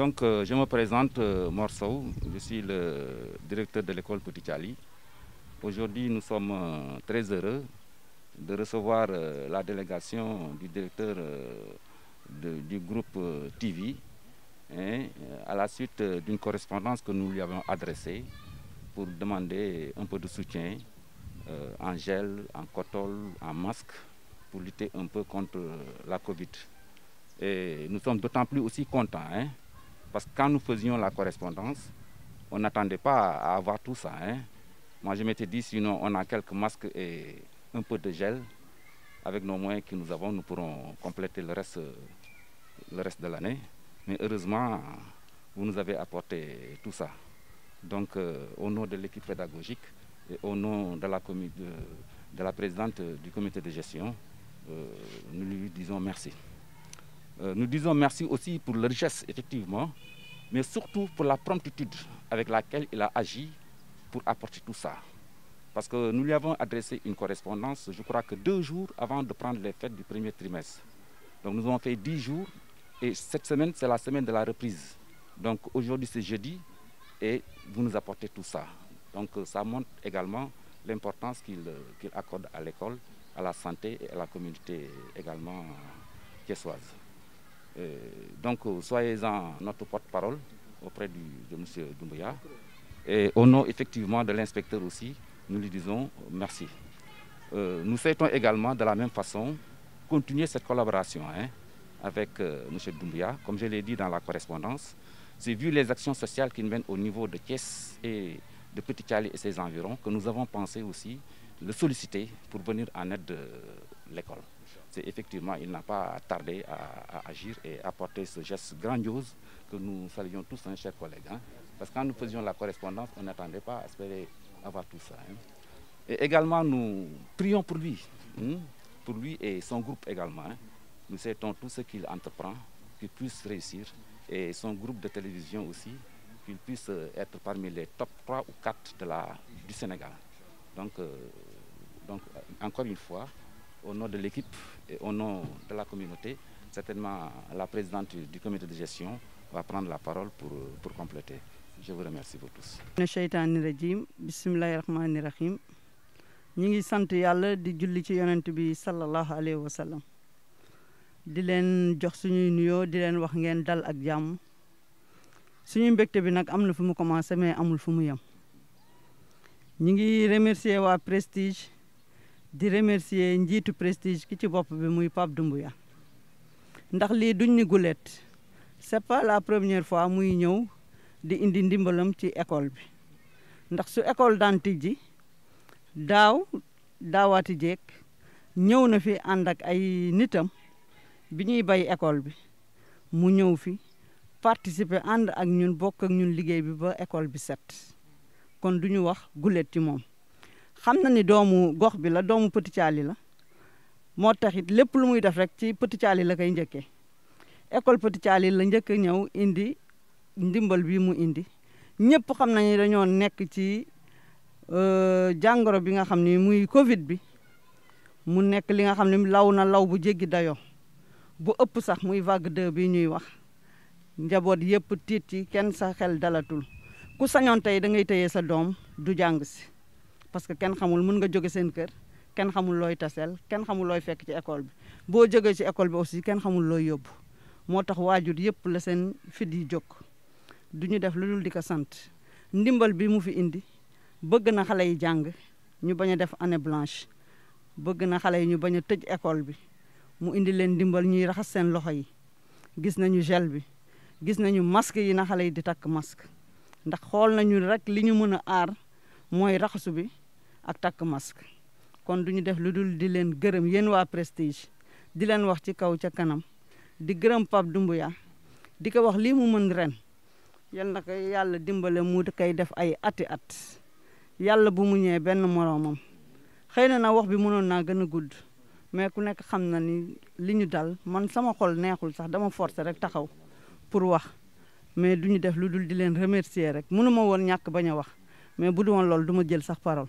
Donc, euh, je me présente, euh, je suis le directeur de l'école Petit Chali. Aujourd'hui, nous sommes euh, très heureux de recevoir euh, la délégation du directeur du groupe TV hein, à la suite d'une correspondance que nous lui avons adressée pour demander un peu de soutien en gel, en cotol, en masque pour lutter un peu contre la Covid. Et nous sommes d'autant plus aussi contents. Hein, parce que quand nous faisions la correspondance, on n'attendait pas à avoir tout ça. Hein. Moi, je m'étais dit, sinon, on a quelques masques et un peu de gel. Avec nos moyens que nous avons, nous pourrons compléter le reste, le reste de l'année. Mais heureusement, vous nous avez apporté tout ça. Donc, euh, au nom de l'équipe pédagogique et au nom de la, présidente du comité de gestion, euh, nous lui disons merci. Euh, nous disons merci aussi pour la richesse, effectivement, mais surtout pour la promptitude avec laquelle il a agi pour apporter tout ça. Parce que nous lui avons adressé une correspondance, je crois que deux jours avant de prendre les fêtes du premier trimestre. Donc nous avons fait dix jours et cette semaine, c'est la semaine de la reprise. Donc aujourd'hui, c'est jeudi et vous nous apportez tout ça. Donc euh, ça montre également l'importance euh, qu'il accorde à l'école, à la santé et à la communauté également soise. Euh, donc, euh, soyez-en notre porte-parole auprès de M. Doumbouya. Et au nom effectivement de l'inspecteur aussi, nous lui disons merci. Euh, nous souhaitons également de la même façon continuer cette collaboration hein, avec M. Doumbia. Comme je l'ai dit dans la correspondance, c'est vu les actions sociales nous mène au niveau de Thiès et de Petit Cali et ses environs que nous avons pensé aussi le solliciter pour venir en aide de l'école c'est effectivement, il n'a pas tardé à, agir et à ce geste grandiose que nous saluons tous, un hein, chers collègues. Hein. parce que quand nous faisions la correspondance, on n'attendait pas à espérer avoir tout ça. Hein. Et également, nous prions pour lui, pour lui et son groupe également. Nous souhaitons tout ce qu'il entreprend, qu'il puisse réussir, et son groupe de télévision aussi, qu'il puisse euh, être parmi les top 3 ou 4 de la, du Sénégal. donc euh, euh, encore une fois, au nom de l'équipe et au nom de la communauté, certainement la présidente du comité de gestion va prendre la parole pour, pour compléter. Je vous remercie pour tous. ñi ngi sant yàlla di julli ci yonent bi sallallahu alayhi wa sallam di leen jox suñuy nuyoo di leen wax ngeen dal ak jàmm suñu mbégte bi nag am na fu mu commencé mais amul fu mu yem ñi ngi remercier waa Prestige di remercier njiitu prestige ki ci bopp bi muy Pape Doumbouya ndax lii duñ ni gulet c'est pas la première fois muy ñëw di indi ndimbalam ci école bi ndax su école daan tijji daaw daawaati jeeg ñëw na fi ànd ak ay nitam bi ñuy bay école bi mu ñëw fi participer ànd ak ñun bokk ak ñun liggéey bi ba école bi set kon du ñu wax gulet ci moom xam na ni doomu gox bi la doomu Petit Thialy la moo tax it lépp lu muy def rek ci Petit Thialy la koy njëkkee école Petit Thialy la njëkk a ñëw indi ndimbal bi mu indi ñëpp xam nañu dañoo nekk ci euh, jàngoro bi nga xam ni muy Covid bi mu nekk li nga xam ne law na law bu jéggi dayoo bu ëpp sax muy vagu 2 bi ñuy wax njaboot yëpp tiit ci kenn sa xel dalatul ku sañoon tey da ngay téye sa doom du jàng si parce que kenn xamul mën nga jóge seen kër kenn xamul looy taseel kenn xamul looy fekk ci école bi boo jógee ci école bi aussi kenn xamul looy yóbbu moo tax waajur yëpp la seen fit yi jóg du ñu def lu dul di ko sant ndimbal bi mu fi indi bëgg na xale yi jàng ñu bañ a def année blanche bëgg na xale yi ñu bañ a tëj école bi mu indi leen ndimbal ñuy raxas seen loxo yi gis nañu gel bi gis nañu masque yi na xale yi di takk masque ndax xool nañu rek li ñu mën a aar mooy raxasu bi ak takk mask kon du ñu def lu dul di leen gërëm yenn waa prestige di leen wax ci kaw ca kanam di gërëm dumb Doumbouya di ko wax lii mu mën ren yal na yàlla dimbale mu kay def ay ati at yàlla bu mu ñëwee benn moroomam xëy na na wax bi mënoon naa gën a gudd mais ku nekk xam na ni li ñu dal man sama xol neexul sax dama forcer rek taxaw pour wax mais du ñu def lu dul di leen remercier rek mënuma woon ñàkk bañ a wax mais bu du woon loolu duma ma jël sax parole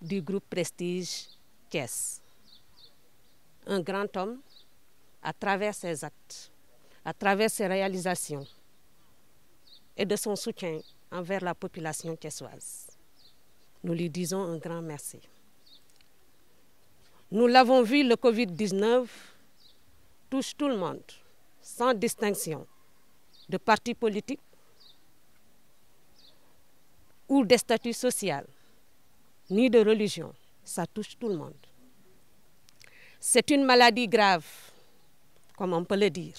du groupe Prestige Caisse. Un grand homme, à travers ses actes, à travers ses réalisations et de son soutien envers la population thiessoise. Nous lui disons un grand merci. Nous l'avons vu, le Covid-19 touche tout le monde, sans distinction de parti politique ou de statuts social ni de religion. Ça touche tout le monde. C'est une maladie grave, comme on peut le dire,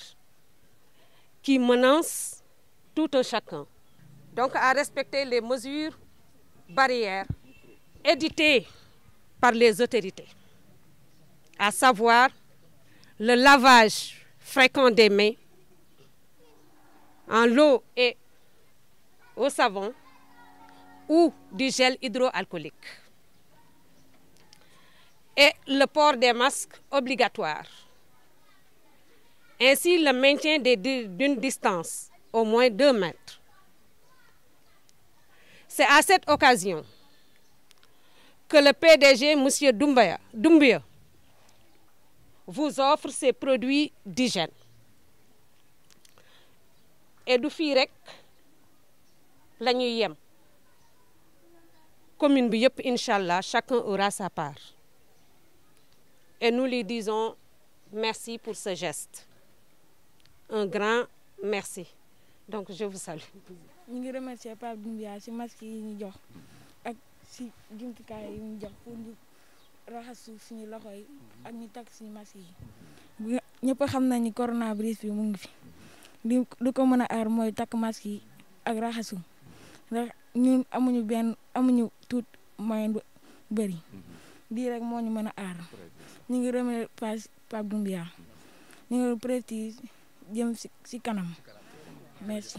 qui menace tout un chacun. Donc à respecter les mesures barrières éditées par les autorités, à savoir le lavage fréquent des mains en l'eau et au savon, ou du gel hydroalcoolique. Et le port des masques obligatoire. Ainsi, le maintien d'une distance au moins 2 mètres. C'est à cette occasion que le PDG, M. Doumbia, vous offre ses produits d'hygiène. Et du firec commune bi yep incha chacun aura sa part et nous lui disons merci pour ce geste un grand merci donc je vous salue. ñi remercier Pape Doumbia si masque yi ñu jox ak si jumtukaay yi ñu jox pour ñu raxasu suñu loxoy ak ñi takk suñu masque yi. ñëpp xam nañ ni coronavirus bi mu ngi fi du ko mën ar moy tak takk masque yi ak raxasu ñun amuñu ben amuñu. tuut moyen bu bëri lii rek moo ñu mën a aar ñu ngi remercier page Pape Doumbia mm-hmm. ñu ngi préti jëm si si kanam merci